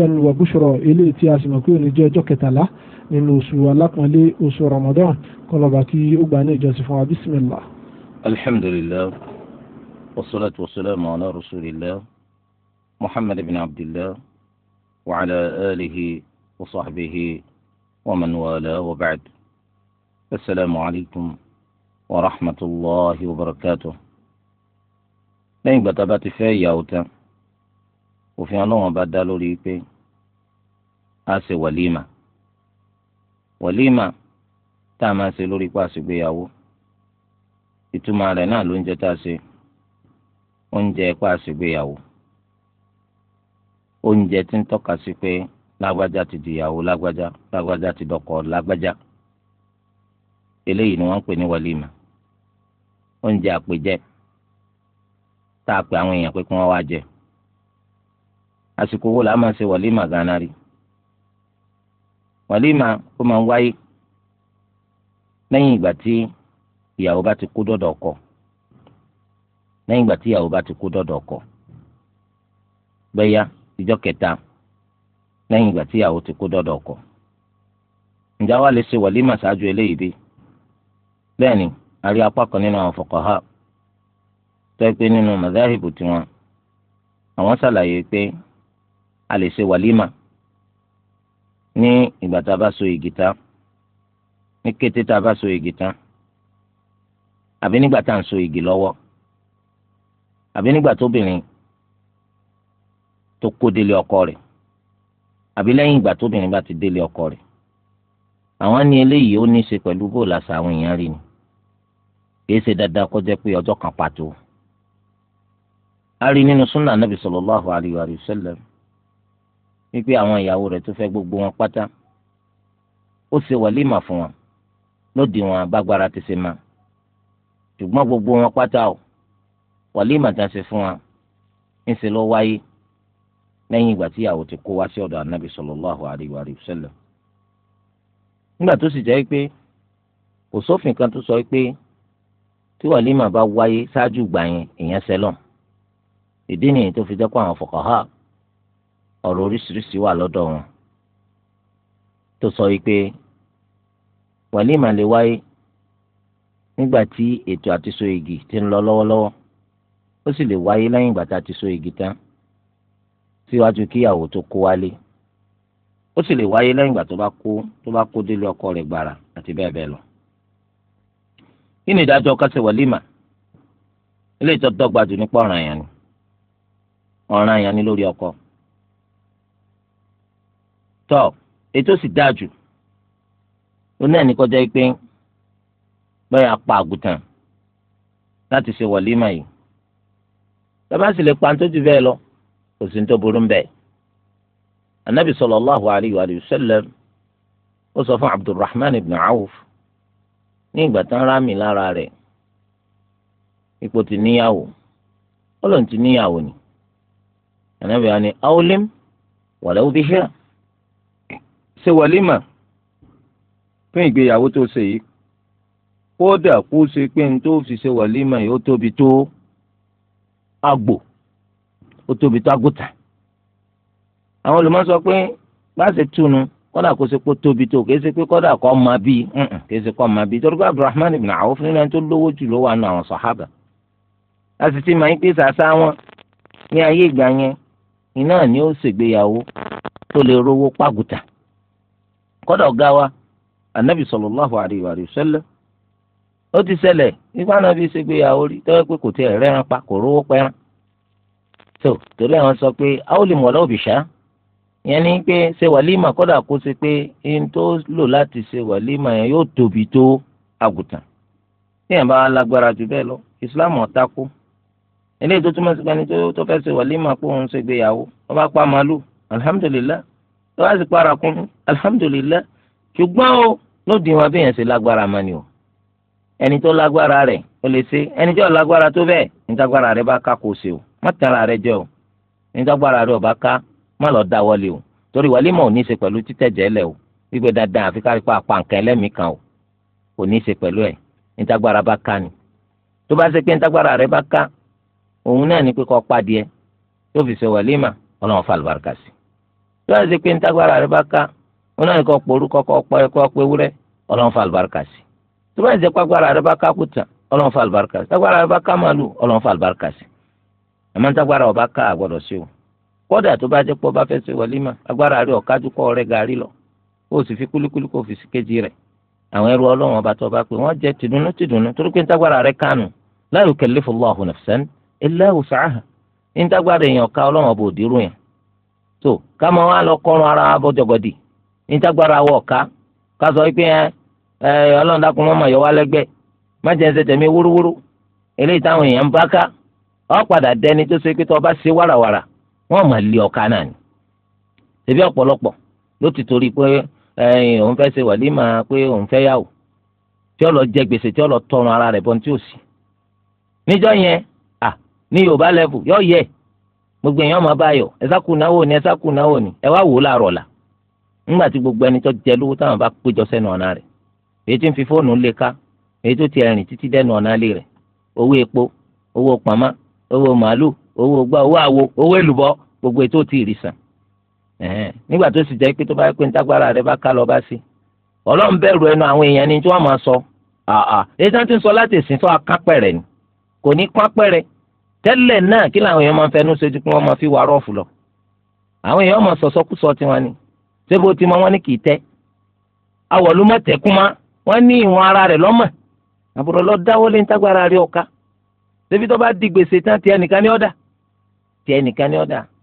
وبشرى إلى تياس مكون جاي جوكتا لا من أسبوع لي أسبوع رمضان كل باكي أباني جاسفا بسم الله الحمد لله والصلاة والسلام على رسول الله محمد بن عبد الله وعلى آله وصحبه ومن والاه وبعد السلام عليكم ورحمة الله وبركاته لين بتبات في يوتا òfin ọlọ́wọ́n bá dá lórí pé a ṣe wàlímà wàlímà tá a máa ṣe lórí pa àṣegbéyàwó ìtumọ̀ rẹ̀ náà ló ń jẹ́ tá a ṣe oúnjẹ pa àṣegbéyàwó oúnjẹ tí ń tọ́ka sí pé lágbájá ti dìyàwó lágbájá lágbájá ti lágbájá eléyìí ni wọ́n ń pè ní wàlímà oúnjẹ àpèjẹ tá a pè àwọn èèyàn pé àsìkò wo la máa ṣe wàlímà gánà rí wàlímà ó máa ń wáyé lẹ́yìn ìgbà tí ìyàwó bá ti kú dọ́dọ̀ ọkọ lẹ́yìn ìgbà tí ìyàwó bá ti kú dọ́dọ̀ ọkọ bẹ́yà ìjọ kẹta lẹ́yìn ìgbà tí ìyàwó ti kú dọ́dọ̀ ọkọ ǹjẹ́ wàá lè ṣe wàlímà ṣáájú eléyìí bí bẹ́ẹ̀ ni a rí apá kan nínú àwọn fuqaha tẹ́ pé nínú madhahibu tiwọn àwọn ṣàlàyé pé a lè ṣe wàlímà ní ìgbà tá a bá so igi tán ní kété tá a bá so igi tán àbí nígbà tá à ń so igi lọ́wọ́ àbí nígbà tóbìnrin tó kó délé ọkọ rẹ̀ àbí lẹ́yìn ìgbà tóbìnrin bá ti délé ọkọ rẹ̀ àwọn ní eléyìí ó ní í ṣe pẹ̀lú bóòlù àṣà àwọn èèyàn rí ni kìí ṣe dandan kó jẹ́ pé ọjọ́ kan pàtó a rí nínú súnà nàbì sallallahu alayhi wa sallam wípé àwọn ìyàwó rẹ̀ tó fẹ́ gbogbo wọn pátá ó ṣe wàlímà fún wọn lóde wọn abágbára ti ṣe máa ṣùgbọ́n gbogbo wọn pátá o wàlímà tá a ṣe fún wa ńṣe ló wáyé lẹ́yìn ìgbà tí ìyàwó ti kó wá sí ọ̀dọ̀ anábì sallallahu alaihi wa sallam. nígbà tó sì jẹ́ pé kò sófin kan tó sọ pé tí wàlímà bá wáyé ṣáájú ìgbà yẹn èèyàn ṣẹlọ̀ ìdí nìyí tó fi jẹ́ pé àwọn fuqaha ọ̀rọ̀ oríṣiríṣi wà lọ́dọ̀ wọn tó sọ wípé wàlímà lè wáyé nígbà tí ètò àti so igi ti ń lọ lọ́wọ́lọ́wọ́ ó sì lè wáyé lẹ́yìn ìgbà tá a ti so igi tán síwájú kíyàwó tó kó wálé ó sì lè wáyé lẹ́yìn ìgbà tó bá kó tó bá kó délé ọkọ rẹ̀ gbàrà àti bẹ́ẹ̀ bẹ́ẹ̀ lọ. kí ni ìdájọ́ kásẹ̀ wàlímà ilé ìtọ́ dọ́gba jù nípa ọ̀ràn àyàn ni ọ̀ràn àyàn ni lórí ọkọ tọ́ ètò sì dáa jù ó náà ní kọjá pé báyà pa àgùntàn láti ṣe wọ̀límà yìí bàbá sì lè pa tó ju bẹ́ẹ̀ lọ kò sí ní tó burú bẹ́ẹ̀ anabi sallallahu alayhi wa sallam ó sọ fún abdulrahman ibn awf ní ìgbà tán rámì lára rẹ̀ ipò ti níyàwó ọlọ́run ti níyàwó ni anabi wa ni awlim wàlẹ́wò bí híra ṣe wàlímà fún ìgbéyàwó tó ṣe yìí kódà kó ṣe pé n tó fi ṣe wàlímà yìí ó tóbi tó àgbò ó tóbi tó àgùtà àwọn olùmọ̀ sọ pé gbàṣẹ túnu kódà kó ṣe tóbi tó kìí ṣe pé kódà kó ma bí kìí ṣe kó ma bí torí pé Abdulrahman ibn Awf fún ẹni tó lówó jù àwọn láti ti máa ń pèsè àṣà wọn ní ayé ìgbà yẹn iná ni ó ṣègbéyàwó tó kọ́dà ọ̀gá wa anabi sallallahu alayhi wa sallam ó ti ṣẹlẹ̀ nípa náà fi ṣe gbéyàwó rí tọ́wọ́ pé kò tiẹ̀ rẹ́ran pa kò rówó pẹ́ran tó torí àwọn sọ pé a ó lè mọ̀ lọ́wọ́ bìṣá ìyẹn ni pé ṣe wàlímà kọ́dà kó ṣe pé ihun tó lò láti ṣe wàlímà yẹn yóò tóbi tó àgùntàn tí yẹn bá lágbára jù bẹ́ẹ̀ lọ islam ọ̀tako eléyìí tó túmọ̀ sí pé ẹni tó fẹ́ ṣe wàlímà pé òun ṣe gbéyàwó wọ́n bá pa màálù alhamdulillah wọ́n á sì para kún alihamudulilayi ṣùgbọ́n o lóde wọn bí yẹn ṣe lágbára ma ni o ẹni tó lágbára rẹ̀ ó lè ṣe ẹni tó lágbára tó bẹ́ẹ̀ nítagbára rẹ̀ bá ká kó o ṣe o má tara rẹ̀ jẹ o nítagbára rẹ̀ ò bá ká má lọ dá wọlé o torí wàlímà ò ní í ṣe pẹ̀lú títẹ̀jẹ̀ lẹ̀ o wípé dandan àfi ká pa àpá nǹkan ẹlẹ́mìí kan o kò ní í ṣe pẹ̀lú ẹ̀ nítagbára bá ká ni tó bá ṣe pé nítagbára rẹ̀ bá ká òun náà ní pé pàdé ẹ tó fi ṣe wàlímà ọlọ́run fàlùbáràkà sí lọ́wọ́ ṣe pé ntagbára rẹ bá ká wọn náà kọ́ pọ̀ orúkọ kọ́ pọ̀ ẹ̀kọ́ pé wúrẹ́ ọlọ́run fa àlùbáríkà sí tó bá ṣe pàgbára rẹ bá ká kùtà ọlọ́run fa àlùbáríkà sí tagbára rẹ bá ká màálù ọlọ́run fa àlùbáríkà sí àmọ́ ntagbára ọba ká àgbọ̀dọ̀ sí o kódà tó bá jẹ́ pọ̀ bá fẹ́ ṣe wàlímà agbára rẹ ọ̀kájú kọ́ rẹ gàrí lọ kó o sì fi kúlíkúlí kó o fi sí kejì rẹ̀ àwọn ẹrú ọlọ́run ọba tó bá pé wọ́n jẹ́ tìdùnnú tìdùnnú torí pé ntagbára rẹ kánù la yukallifu Allahu nafsan illa wus'aha ntagbára èèyàn tó káma wa lọ kọrun ara wa bọ jọgọdì nítàgbára wọ ká kásọ wípé ẹ ẹ ọlọ́run dákun mọ́mọ́ yọ wá lẹ́gbẹ́ má jẹ́ wúrúwúrú eléyìí táwọn èèyàn ń bá ká ọ padà dẹni tó ṣe pé tó bá ṣe wàràwàrà wọ́n máa lé ọ̀ka náà ni ṣebí ọ̀pọ̀lọpọ̀ ló ti torí pé òun ṣe pé òun tí ara tí ò sí yẹn ní yorùbá yẹ gbogbo èèyàn máa bá yọ ẹ sáku náwó ni ẹ ni ẹ wá wò ó la nígbà tí gbogbo ẹni tó jẹ lówó táwọn bá péjọ sẹ́nu ọ̀nà rẹ̀ èyí tó ń fi fóònù ká èyí tó ti rìn títí dẹ́nu ọ̀nà ilé owó epo owó pamá owó màálù owó gbá gbogbo sàn nígbà tó sì pé tó bá pé bá ká lọ bá sí ọlọ́run bẹ̀rù ẹnu tẹ́lẹ̀ náà kí làwọn èèyàn máa ń fẹnu ṣojú pé wọ́n máa fi wà rọ́ọ̀fù lọ àwọn èèyàn máa sọ tiwọn ni ṣé bó ti mọ wọn ní kì í tẹ́ awọ ló wọ́n ní ìwọn ara rẹ àbúrò lọ dáwọ́ lé nítagbára rẹ̀ débi tó bá di gbèsè tán nìkan ní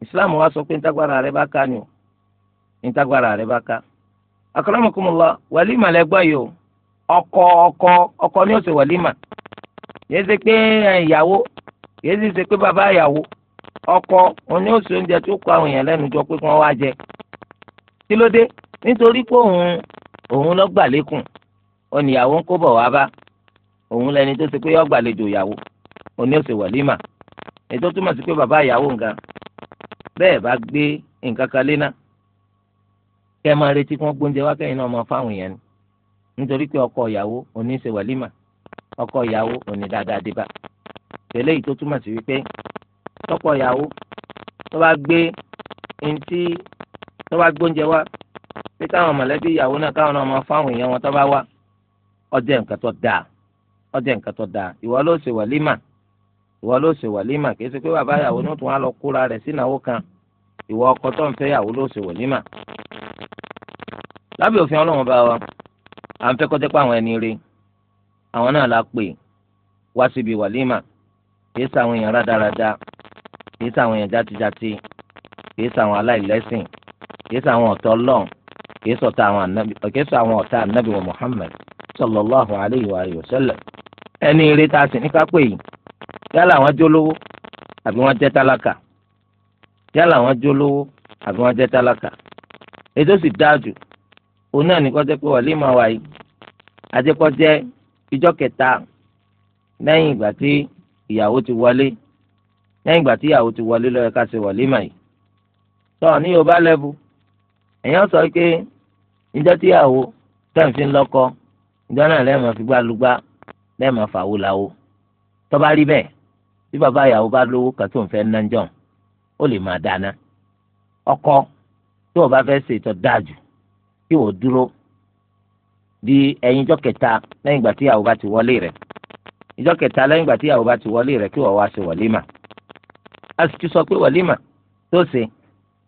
Islam wa sọ pé nítagbára rẹ̀ bá ká ni o nítagbára bá ká yìí o ọkọ ọkọ ọkọ ni ó ṣe kìí sì ṣe pé bàbá àyàwó ọkọ òní òsì oúnjẹ tó kọ àwọn èèyàn lẹ́nu jọ pé kí wọ́n wá jẹ kí ló dé nítorí pé òun òun lọ gbàlékùn oníyàwó ń kó bọ̀ wá bá òun lẹni tó ṣe pé yọ gbàlejò ìyàwó òní òsì wàlímà ètò túmọ̀ sí pé bàbá ìyàwó nǹkan bẹ́ẹ̀ bá gbé nǹkan kan léná kẹ́ ẹ máa retí kí wọ́n gbóúnjẹ wá kẹ́yìn náà máa fáwọn èèyàn ni nítorí pé ọkọ ìyàwó òní ṣe ọkọ ìyàwó òní dáadáa dé bá tẹ̀lé yìí tó túmọ̀ sí wípé tọkọ ìyàwó tó bá gbé ntí tó bá gbóúnjẹ wá pé káwọn mọ̀lẹ́bí ìyàwó náà káwọn náà máa fáwọn èèyàn wọn tó bá wá ọjẹ́ nǹkan tó dáa ọjẹ́ nǹkan tó dáa ìwọ ló ṣe wàlímà ìwọ ló ṣe wàlímà kì í ṣe pé bàbá ìyàwó ni tún wá lọ kóra rẹ̀ sínáwó kan ìwọ ọkọ tó ń fẹ́ ìyàwó ló ṣe wàlímà. lábẹ́ òfin ọlọ́run bá wa à ń fẹ́ kọjá pé àwọn ẹni rí àwọn náà la pè wá síbi wàlímà kìí sàwọn èèyàn rádaràda kìí sàwọn èèyàn játijàti kìí sàwọn aláìlẹ́sìn kìí sàwọn ọ̀tá ọlọ́run kìí sọ̀tá àwọn ọ̀tá ànábì wa Muhammad sallallahu alayhi wa alihi wa sallam ẹni eré tá a sì ní kápẹ́ yìí yálà wọn jólówó àbí wọn jẹ́ tálákà yálà wọn jólówó àbí wọn jẹ́ tálákà ètò sì dáàjù òun náà ní kọjá pé wàlíì máa wáyé àti kọjá ìjọ kẹta lẹ́yìn ìgbà tí ìyàwó ti wọlé lẹ́yìn ìgbà tí ìyàwó ti wọlé ló yẹ ká ṣe wàlímà yìí tọ́ ní yorùbá lẹ́bù èèyàn sọ pé níjọ́ tí ìyàwó tẹ̀ǹfì ń lọ́kọ ìjọ náà lẹ́ẹ̀mọ́ fi gbá lugbá lẹ́ẹ̀mọ́ fàwọ́ làwọ́ tó rí bẹ́ẹ̀ bí bàbá ìyàwó bá lówó kan tó ń fẹ́ ná jọ̀ ó lè máa dáná ọkọ tí wọ́n bá fẹ́ ṣe ìtọ́ dáa jù kí wọ́n dúró di ẹ̀yìnjọ́ kẹta lẹ́yìn ìgbà tí ìyàwó bá ìjọ kẹta lẹ́yìn ìgbà tí ìyàwó bá ti wọlé rẹ̀ kí wọ́n wá ṣe wọ̀límà a sì ti sọ pé wọ̀límà tó ṣe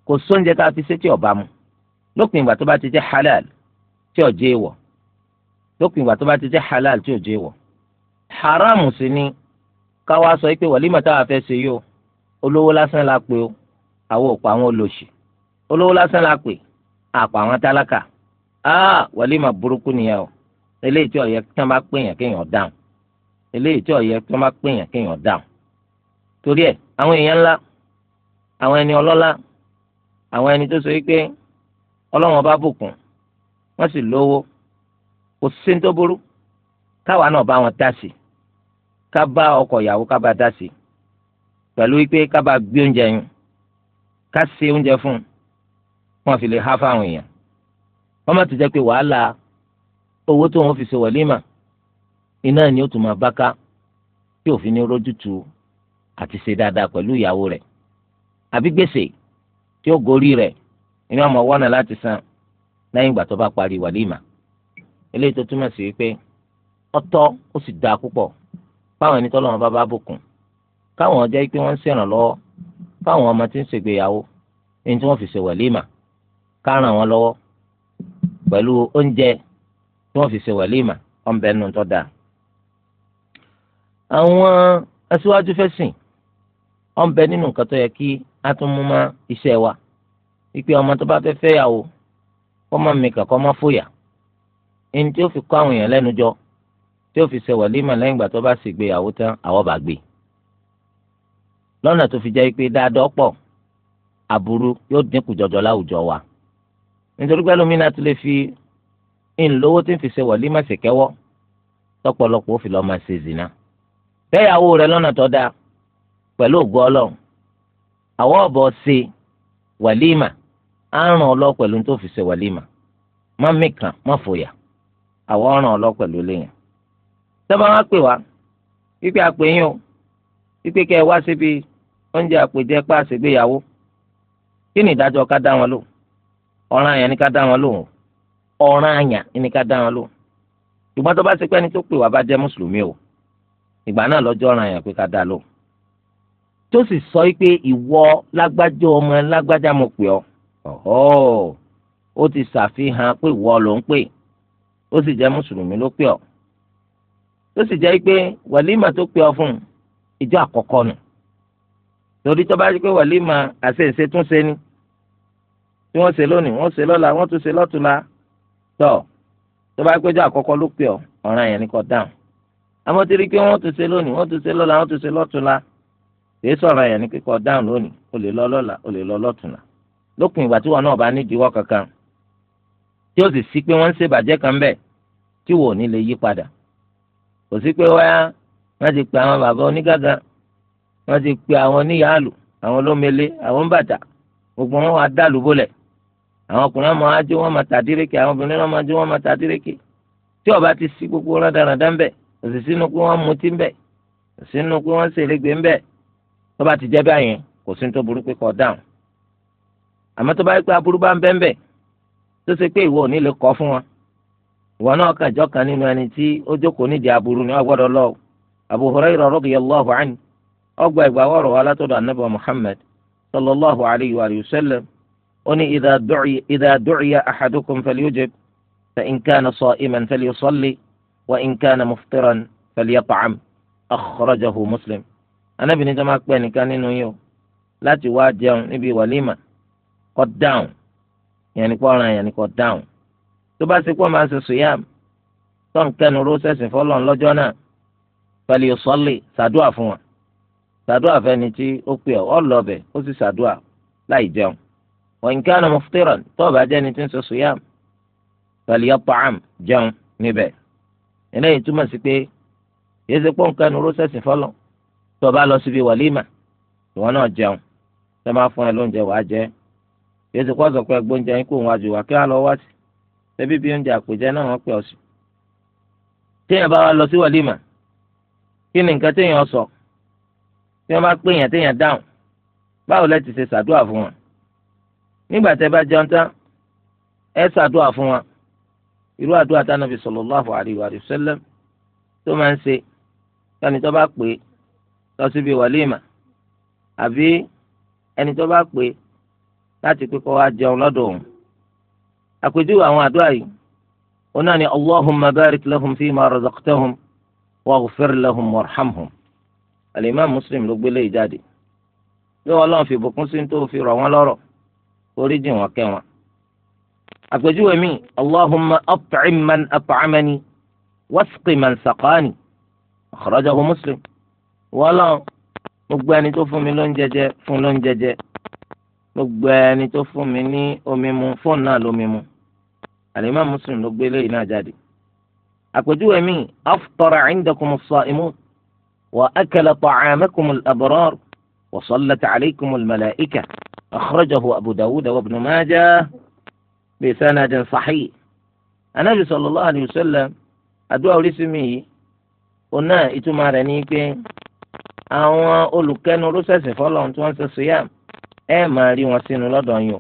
kò sóúnjẹ tá a fi ṣe tí ọba mu lópin ìgbà tó bá ti jẹ́ halal tí ò jẹ́ ìwọ̀ lópin ìgbà tó bá ti jẹ́ halal tí ò jẹ́ ìwọ̀ haram sì ni ká wá sọ pé wọ̀límà táwa fẹ́ ṣe yóò olówó lásán la pè ó àwọn òpó àwọn olóṣì olówó lásán la pè àpò àwọn tálákà ah burúkú nìyẹn o eléyìí tí ó kí wọ́n bá pè yàn kéèyàn dáhùn eléyìí tí ọ̀yẹ́ tó má pè yàn kéèyàn dáhùn torí ẹ̀ àwọn èèyàn ńlá àwọn ẹni ọlọ́lá àwọn ẹni tó sọ wípé ọlọ́wọ́n bá bùkún wọ́n sì lówó kò sí ní tó burú káwa náà bá wọn dá sí ká bá ọkọ ìyàwó ká bá dá sí pẹ̀lú wípé ká bá gbé oúnjẹ yẹn ká ṣe oúnjẹ fún un wọn fi lè há fáwọn èèyàn wọ́n má ti jẹ́ pé wàhálà owó tó wọn fi ṣe wọ̀límà iná ni ó tún máa bá ká tí òfin ní rójútu àti ṣe dáadáa pẹ̀lú ìyàwó rẹ̀ àbí gbèsè tí ó gorí rẹ̀ inú àmọ́ wọ́nà láti san lẹ́yìn ìgbà tó bá parí wàlímà eléyìí tó túmọ̀ sí wípé ọ̀tọ̀ ó sì dáa púpọ̀ fáwọn ẹni tọ́lọ́run bá bá bùkún káwọn jẹ́ pé wọ́n ń ṣèrànlọ́wọ́ fáwọn ọmọ tí ń ṣègbéyàwó ẹni tí wọ́n fi ṣe wàlímà ká ràn wọ́n lọ́wọ́ pẹ̀lú oúnjẹ tí wọ́n fi ṣe wàlímà ọ̀nbẹ́nu tó dáa àwọn aṣíwájú fẹ́sìn ọ̀n bẹ nínú nǹkan tó yẹ kí a tún mú mọ́ iṣẹ́ wa wípé ọmọ tó bá fẹ́ fẹ́yàwó kọ́ máa mìkà kọ́ máa fòyà ẹni tí ó fi kọ́ àwọn èèyàn lẹ́nu jọ tí ó fi ṣe wàlímà lẹ́yìn ìgbà tó bá sì gbéyàwó tán àwọn bá gbé lọ́nà tó fi jẹ́ pé dáadọ́ pọ̀ aburú yóò dínkù jọjọ láwùjọ wa nítorí pé lómìnira tó lè fi ìlówó tí ń fi ṣe wàlímà ṣèkẹ́wọ́ tọ́pọ̀lọpọ̀ ó fi lọ́ọ́ máa ṣe zina fẹ́yàwó rẹ lọ́nà tó dáa pẹ̀lú ògo ọlọ́run àwọn ọ̀bọ̀ ṣe wàlímà á ràn ọ́ lọ pẹ̀lú tó fi ṣe wàlímà má mìkan má fòyà àwọn ràn ọ́ lọ pẹ̀lú léyìn. sábà wá pè wá pípé àpèyìn o pípé kẹ́ ẹ wá síbi oúnjẹ àpèjẹ pa àṣegbéyàwó kí ni ìdájọ́ ká dá wọn lò ọ̀ràn àyàn ni ká dá wọn lò ọ̀ràn àyàn ni ká dá wọn lò ṣùgbọ́n tó bá ṣe pé tó pè wá bá jẹ́ mùsùlùmí o ìgbà náà lọ́jọ́ ọ̀ràn yẹn pé ká dá lò tó sì sọ pé ìwọ lágbájá ọmọ lágbájá mo pè ọ́ ọ̀họ́ ó ti ṣàfihàn pé ìwọ ló ń pè ó sì jẹ́ mùsùlùmí ló pè ọ́ tó sì jẹ́ pé wàlímà tó pè ọ́ fún ìjọ àkọ́kọ́ nù torí tó bá rí pé wàlímà àṣẹǹṣe tún ṣe ni tí wọ́n ṣe lónìí wọ́n ṣe lọ́la wọ́n tún ṣe lọ́tùla tọ́ tó bá rí pé ìjọ àkọ́kọ́ ló pè ọ́ ọ̀ràn yẹn ni kò dáhùn a ti rí i pé wọ́n tún ṣe lónìí wọ́n tún ṣe lọ́la wọ́n tún ṣe lọ́túnla kì sọ̀rọ̀ yẹn ní kíkọ́ dáhùn lónìí o lè lọ lọ́la o lè lọ lọ́túnla lópin ìgbà tí wọn náà bá nídìíwọ́ kankan tí ó sì sí pé wọ́n ń ṣèbàjẹ́ kan bẹ́ẹ̀ tí wò ní lè yí padà kò sí pé wáyà wọ́n ti pe àwọn bàbá onígàgà wọ́n ti pe àwọn oníyàálù àwọn gbogbo wọn wà dàlú bólẹ̀ àwọn ọkùnrin ọmọ ajé wọn òsì sínú pé wọ́n mutí ńbẹ̀ òsì sínú pé wọ́n ṣèlégbé ńbẹ̀ tó bá ti jẹ́ báyẹn kò sí tó burú pé kọ́ dáhùn àmọ́ tó bá yẹ pé aburú bá ń bẹ́ ńbẹ̀ tó ṣe pé ìwọ ò ní lè kọ́ fún wọn ìwọ náà kan nínú ẹni tí ó jókòó nídìí aburú ni wọ́n gbọ́dọ̀ lọ Abu Hurayra radiyallahu anhu ọgbà ìgbà anabi وإن كان مفطرا فليطعم أخرجه مسلم أنا بني جماعة بني كان يو لا تواجه نبي وليمة قد داون يعني قوانا يعني قد داون تباسي قوما الصيام tọ́n kẹnu rósẹ́sì fọlọ́n lọ́jọ́ náà pẹ̀lú ìsọ́lì ṣàdúà fún wa ṣàdúà fẹ́ni tí ó pè ọ́ ọlọ́bẹ̀ ó sì ṣàdúà láì jẹun wọ̀nyí kánà muftiran tọ́ọ̀bà jẹ́ni tí ń sọ sùyàm pẹ̀lú yọpọ̀ àm jẹun níbẹ̀ eléyìí túmọ̀ sí pé yéé ṣe pọ́n kanu ló sẹ̀sìn fọlọ́ tó o bá lọ síbi wàlímà ìwọ náà jẹun tẹ́ máa fún ẹ lóúnjẹ wàá jẹ yéé ṣe pọ́n sọ pé gbóúnjẹ yín kò wọ́n àjò wá kí wọ́n lọ wá sí tẹ́bí bí oúnjẹ àpèjẹ náà wọ́n pè ọ́ sí. téèyàn bá wa lọ sí wàlímà kí ni nǹkan téèyàn sọ tí wọ́n bá pè yàn téèyàn dáhùn báwo lẹ ti ṣe ṣàdúrà fún wọn nígbà tẹ́ bá jẹun tán ẹ ṣàdúrà fún wọn irú àdúrà tí Ànábì sallallahu alaihi wa sallam tó máa ń ṣe ẹni tó bá pè é lọ síbi wàlíìmà àbí ẹni tó bá pè é láti pé kó wá jẹun lọ́dọ̀ òun. àpèjúwe àwọn àdúrà yìí ó náà ní allahumma barik lahum fima razaqtahum waghfir lahum warhamhum alimami muslim ló gbélé ìjáde bí wọn lọ́n fi bùkún sí tó fi rọ̀ wọ́n lọ́rọ̀ orí jìn wọ́n kẹ́ wọn. àpèjúwe mi allahumma at'im man at'amani wasqi man saqani akhrajahu muslim wọ́lọ́ gbogbo ẹni tó fún mi lóúnjẹ jẹ fún lóúnjẹ jẹ gbogbo ẹni tó fún mi ní omi mu fóònù náà lómi mu àlèmá muslim ló gbé léyìí náà jáde àpèjúwe mi aftara indakum as-sa'imun wa akala ta'amakum al-abrar wa sallat alaykum al-mala'ika akhrajahu abu dawud wa ibn majah. bisanadin sahih anabi sallallahu alayhi wa sallam àdúrà orísìmí yìí ọ̀nà ìtumọ̀ rẹ̀ ní pé àwọn olùkẹ́nu rọ́sẹ̀sẹ̀ fọlọ́n tí wọ́n ń ṣe siyam ẹ máa rí wọn sínú lọ́dọ̀ yín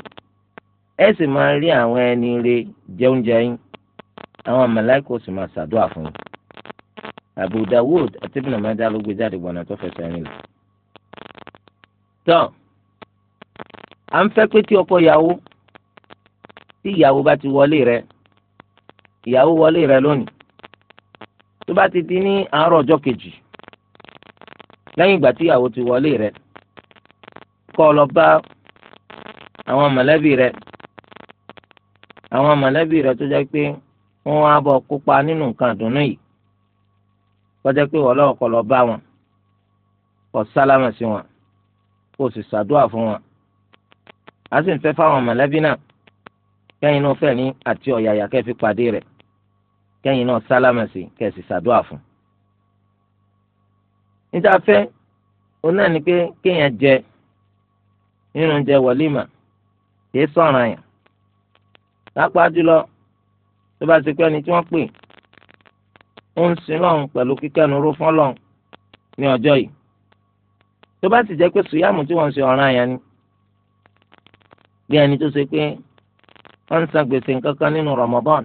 ẹ sì máa rí àwọn ẹni rẹ̀ jẹ oúnjẹ yín àwọn màláíkà sì máa ṣàdúrà fún yín Abu Dawud àti Ibn Majah ló gbé jáde gbọ̀nà tó fẹsẹ̀ rìn lọ. tọ́ à ń fẹ́ pé tí ọkọ ìyàwó tí ìyàwó bá ti wọlé rẹ ìyàwó wọlé rẹ lónìí tó bá ti di ní àárọ̀ ọjọ́ kejì lẹ́yìn ìgbà tí ìyàwó ti wọlé rẹ kọ́ ọ lọ bá àwọn mọ̀lẹ́bí rẹ àwọn mọ̀lẹ́bí rẹ tó jẹ́ pé wọ́n wá bọ̀ kópa nínú nǹkan ìdùnnú yìí kọjá pé wọ́n lọ́wọ́ kọ́ lọ bá wọn kọ́ sálámà sí wọn kó o sì ṣàdúrà fún wọn a sì ń fẹ́ fáwọn mọ̀lẹ́bí náà kẹ́yìn náà fẹ̀mí àti ọ̀yàyà kẹ́ fi pàdé rẹ̀ kẹ́yìn náà sálámà sí kẹ́ sì ṣàdúrà fún. níta fẹ́ òun náà ni pé kéèyàn jẹ nínú oúnjẹ wọ̀límà kì í sọ̀ràn àyàn. lápá jùlọ tó bá ti pẹ́ ni tí wọ́n pè ó ń sin lọ́hùn pẹ̀lú kíkẹ́nuró fún lọ́hùn ní ọjọ́ yìí. tó bá sì jẹ́ pé sùyàmù tí wọ́n ń ṣe ọ̀ràn àyàn ni bí ẹni tó ṣe pé wọ́n ń san gbèsè kankan nínú Ramadan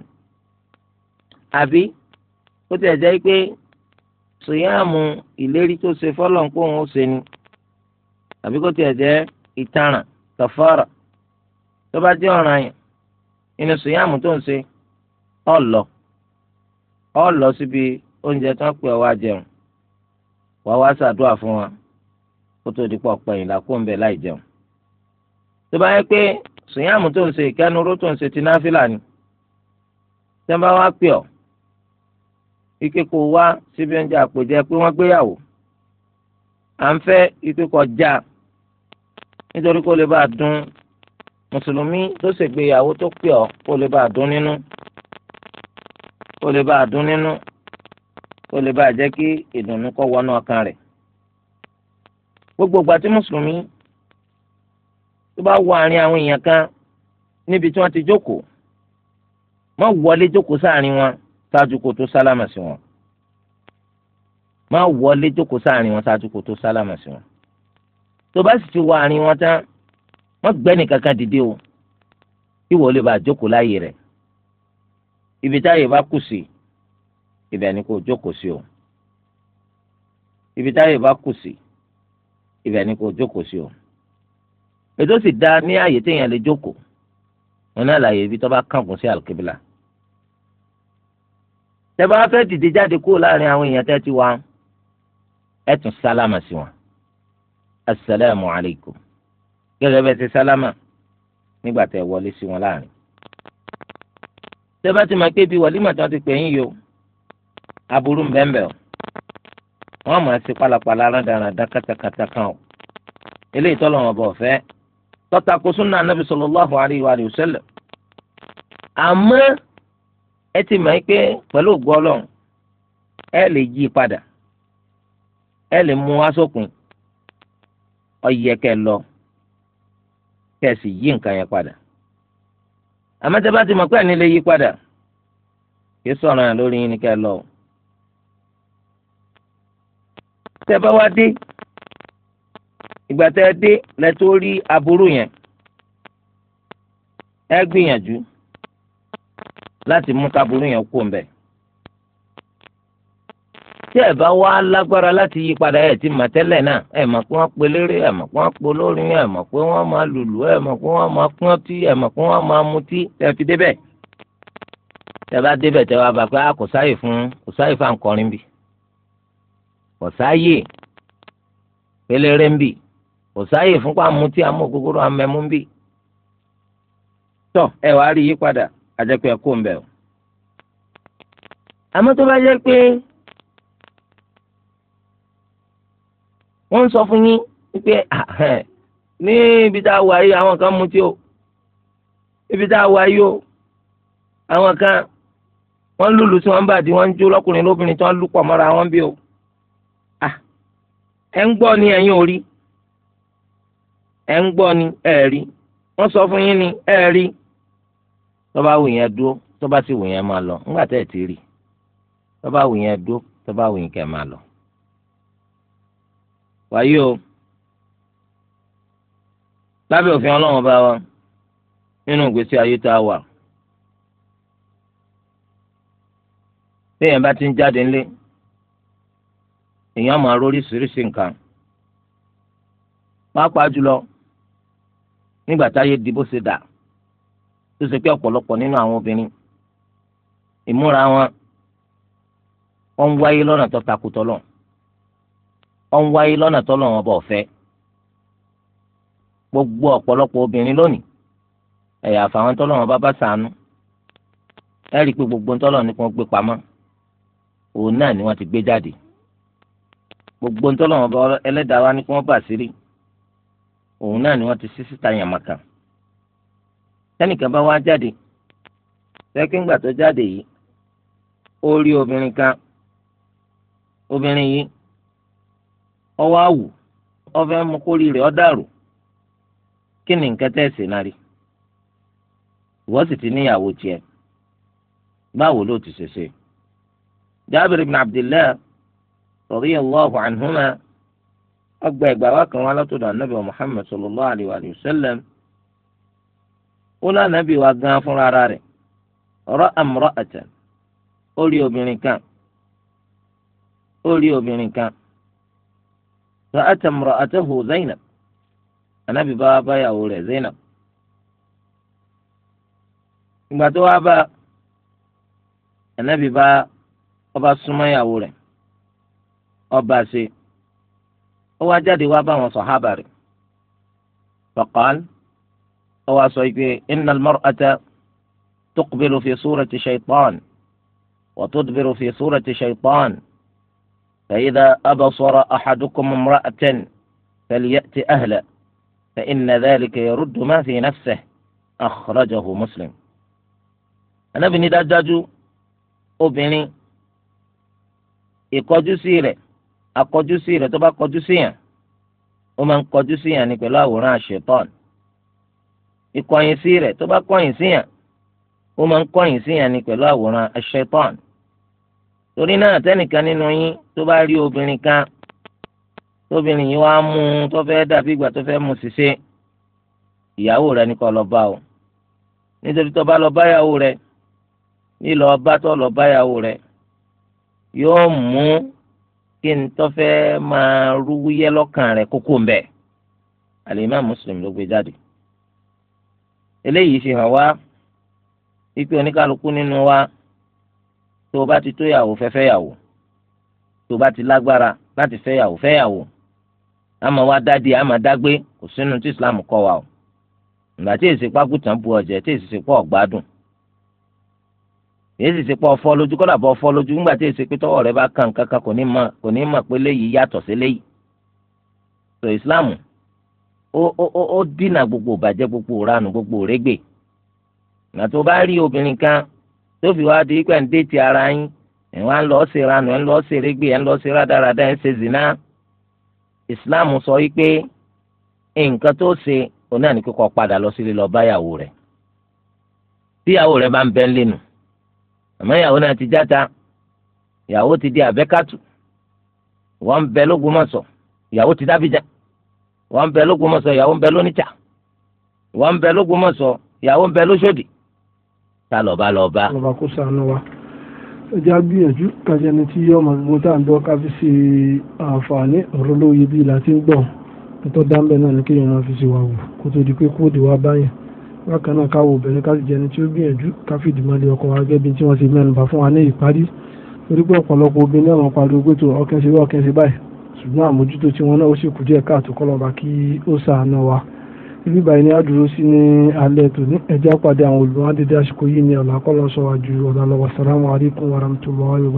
àbí ó ti ẹ̀jẹ̀ pé sòyàmù ìlérí tó ṣe fọ́lọ̀ ń pòun ó ṣe ni àbí kó ti ẹ̀jẹ̀ ìtaràn kàfàrà tó bá jẹ́ ọ̀ràn yẹn inú sòyàmù tó ń ṣe ọ̀ lọ ọ̀ lọ síbi oúnjẹ tó ń pè ọ́ wá jẹun wàá wá ṣàdúrà fún wa kó tó di pọ̀ pẹ̀yìn làkúńbẹ̀ láì jẹun tó bá yẹ pé sùnyàmù tó ń ṣe ìkẹnuró tó ń ṣe ti náfìlà ni tẹ́ bá wá pè ọ́ ike kò wá síbi oúnjẹ àpèjẹ pé wọ́n gbéyàwó à ń fẹ́ ike kò já nítorí kó lè bá a dùn mùsùlùmí tó ṣègbéyàwó tó pè ọ́ kó lè bá a dùn nínú kó lè bá a dùn nínú kó lè bá a jẹ́ kí ìdùnnú kó wọnú ọkàn rẹ̀ gbogbo ìgbà tí mùsùlùmí tó bá wọ àárín àwọn èèyàn kan níbi tí wọ́n ti jókòó má wọlé jókòó sáàárín wọn ṣáájú kó tó sálámà sí wọn má wọlé jókòó sáàárín wọn ṣáájú kó tó sálámà sí wọn tó bá sì ti wọ àárín wọn tán má gbẹ́ni kankan dìde o ìwọ lè bá jókòó láàyè rẹ̀ ibi táyè bá kù sí ibẹ̀ ni kò jókòó sí o ibi táyè bá kù sí ibẹ̀ ni kò jókòó sí o ètò sì dáa ní àyè téèyàn lè jókòó wọn náà láàyè ibi tó bá kàngùn sí àlùkìbìlà tẹ́bá wá fẹ́ dìde jáde kúrò láàrin àwọn èèyàn tẹ́ ti wá ẹ tún sálámà sí wọn asalaamu alaykum gẹ́gẹ́ bẹ́ẹ̀ ti sálámà nígbà tẹ́ wọlé sí wọn láàrin tẹ́bá ti máa pé bí wọlé màtí ti pè yín yìí aburú bẹ́ẹ̀nbẹ́ o wọ́n máa ṣe pálapàla rán darandan kátàkátà kan o eléyìí tọ́lọ̀ wọn bọ̀ fẹ́ tọ́tako súnà anábì sallallahu alayhi wa sallam àmọ́ ẹ ti mọ̀ pé pẹ̀lú ògùn ọlọ́run ẹ lè yí padà ẹ lè mú asòpin ọyẹ kẹ lọ kẹ sì yí nǹkan yẹn padà àmọ́ tẹ́ bá ti mọ̀ pé ẹni lè yí padà kì sọ̀rọ̀ yẹn lórí lọ tẹ́ ìgbà tẹ́ ẹ dé lẹ tó rí aburú yẹn ẹ gbìyànjú láti mú kaburú yẹn kú mbẹ tí ẹ bá wá lágbára láti yí padà ẹ ti mà tẹ́lẹ̀ náà ẹ mọ̀ pé wọ́n pe léré ẹ mọ̀ pé wọ́n pe olórin ẹ mọ̀ pé wọ́n máa lùlù ẹ mọ̀ pé wọ́n máa pọ́n tí ẹ mọ̀ pé wọ́n máa mutí ẹ fi débẹ̀ tẹ́ bá débẹ̀ tẹ́ wá bá pé a ah, kò sáyè fún kò sáyè fún àǹkọrin bì kò sáyè péléré ń bì kò sáàyè fún pa mutí amú kúkúrú amẹ́mú bí. tọ́ ẹ wàá rí yí padà àjẹpẹ́ ẹ̀kọ́ ń bẹ̀ o. àmọ́ tó bá jẹ́ pé wọ́n ń sọ fún yín pé ní ibi tá a wà yìí àwọn kan mutí o ibi tá a wà yìí o àwọn kan wọ́n lùlù tí wọ́n bá di wọ́n ń jó lọ́kùnrin lóbìnrin tí wọ́n lù pọ̀ mọ́ra wọn bí o. ẹ ń gbọ́ ni ẹ̀yin ò rí ẹ̀ ń gbọ́ ni ẹ̀ rí wọ́n sọ fún yín ni ẹ̀ rí tó bá wù yẹn dúró tó bá sì wù yẹn máa lọ ńgbà tẹ́ ẹ̀ ti rí tó wù yẹn dúró tó wù yín kẹ́ máa lọ. wàyí o lábẹ́ òfin ọlọ́run bá wa nínú ìgbésí ayé tá a wà. téèyàn bá ti ń jáde ńlé èèyàn máa rórí ṣiríṣi nǹkan pàápàá jùlọ nígbà táyé di bó ṣe dà tó ṣe pé ọ̀pọ̀lọpọ̀ nínú àwọn obìnrin ìmúra wọn wọ́n ń wáyé lọ́nà tó takò tọ́lọ̀ wọ́n ń wáyé lọ́nà tọ́lọ̀ wọn bọ̀ fẹ́ gbogbo ọ̀pọ̀lọpọ̀ obìnrin lónìí ẹ̀yà àfàwọn tọ́lọ̀ wọn bá bá sànú ẹ rí i pé gbogbo tọ́lọ̀ ni wọ́n gbé pamọ́ òun náà ni wọ́n ti gbé jáde gbogbo tọ́lọ̀ wọn bá ẹlẹ́dàá wa ni wọ́n bà sírí òun náà ni wọ́n ti sí síta yàmàkà tẹ́nìkan bá wá jáde sẹ́kíngbà tó jáde yìí ó rí obìnrin kan obìnrin yìí ọwọ́ àwù ọfẹ́ mú rẹ̀ kí ni nǹkan náà rí sì ibn ọgbà ẹgbà wa kan wá látọ̀dọ̀ anábì muhammed sallallahu alayhi wa sallam ó lánàbì wa gan fúnra ara rẹ̀ ọ̀rọ̀ àmúrọ̀ àtẹ ó rí obìnrin kan ó rí obìnrin kan sọ àtẹmúrọ̀ àtẹhù zainab anábì bá báyàwó rẹ̀ zainab ìgbà tó wá bá anábì bá ọba súnmọ́ ìyàwó rẹ̀ ọba ṣe. ó wá jáde wá bá wọn sọ ha rẹ̀ faqal ó wá sọ pé innal mar'ata tuqbilu fi surati shaytan wa tudbiru fi surati shaytan fa idha abasara ahadukum imra'atan falyati ahla fa inna dhalika yaruddu ma fi nafsihi akhrajahu muslim. anábìnrin dájú obìnrin ìkọjú sí rẹ̀. akọjú sí rẹ̀ tó bá kọjú sí yàn ó máa ń kọjú sí yàn ní pẹ̀lú àwòrán àṣetán ìkọ̀yìn sí rẹ̀ tó bá kọ̀yìn sí yàn ó máa ń kọ̀yìn sí yàn ní pẹ̀lú àwòrán àṣetán torí náà tẹ́nìkan nínú yín tó bá rí obìnrin kan tóbìnrin yìí wàá mú un tó fẹ́ dàbí ìgbà tó fẹ́ mú ṣiṣẹ́ ìyàwó rẹ̀ ní kó lọ bá o nítorí tó bá lọ báyàwó rẹ̀ lílọ bá tó lọ báyàwó rẹ̀ yóò mú kí n tó fẹ́ máa rúwúyẹ́ lọ́kàn rẹ̀ kókó ń bẹ̀ àlèmá Muslim ló gbé jáde eléyìí fi hàn wá wípé oníkálukú nínú wa tó o bá ti tó yàwó fẹ́ fẹ́yàwó tó o bá ti lágbára láti fẹ́yàwó fẹ́yàwó àmọ́ wa dádì àmọ́ dágbé kò sínú tí Islam kọ́ wa o ìgbà tí èsì pàgùtàn bu ọ̀jẹ̀ tí èsì pọ̀ gbádùn èyí sì ṣe pé ọfọ lójú kọ́dà bọ́ ọfọ lójú nígbà tí èsì pé tọwọ́ rẹ bá kàn kankan kò ní mọ̀ kò ní mọ̀ pé léyìí sí Islam ó ó ó dínà gbogbo ìbàjẹ́ gbogbo ìranù gbogbo ìrégbè. ìgbà bá rí kan tó fi wá di ń déètì ara yín ẹ̀ wá ń lọ ṣe ranù ẹ̀ ń lọ ṣe régbè ẹ̀ ń lọ ẹ̀ ń ṣe Islam sọ nǹkan tó ṣe òun náà ní padà lọ sílé lọ àmọ́ ìyàwó náà ti játa ìyàwó ti di àbẹ́kàtù wọ́n ń bẹ lógúnmọ̀sọ̀ ìyàwó ti dábìjà wọ́n ń bẹ lógúnmọ̀sọ̀ ìyàwó ń bẹ lóníjà wọ́n ń bẹ lógúnmọ̀sọ̀ ìyàwó ń bẹ lóṣòdì tá lọ́ba lọ́ba. lọ́ba kó sànú wa ẹja gbìyànjú kájẹni tí yọmọ gbogbo tá à ń dọ́ ká fi ṣe àǹfààní ọ̀rọ̀ lóye bíi láti ń gbọ̀n tó dá náà ní kéèyàn máa fi ṣe wà wù kó tó di pé kóòdù wa báyìí bákan náà káwọ obìnrin ká sì jẹni tí ó gbìyànjú ká fìdí mọ́lẹ̀ ọkọ wa gẹ́gẹ́ bí tí wọ́n ti mẹ́nu bá fún wa ní ìparí torí pé ọ̀pọ̀lọpọ̀ obìnrin náà wọ́n pariwo pé tó ọkẹ́ ṣe báyìí ọkẹ́ ṣe báyìí ṣùgbọ́n àmójútó tí wọ́n náà ó sì kù díẹ̀ káàtó kọ́lọ́ba kí ó ṣàánú wa ibi báyìí ni a dúró sí ní alẹ́ tòní ẹjẹ́ pàdé àwọn olùwádìí àsìkò yìí ní ọ̀làkọ́lọ́sọ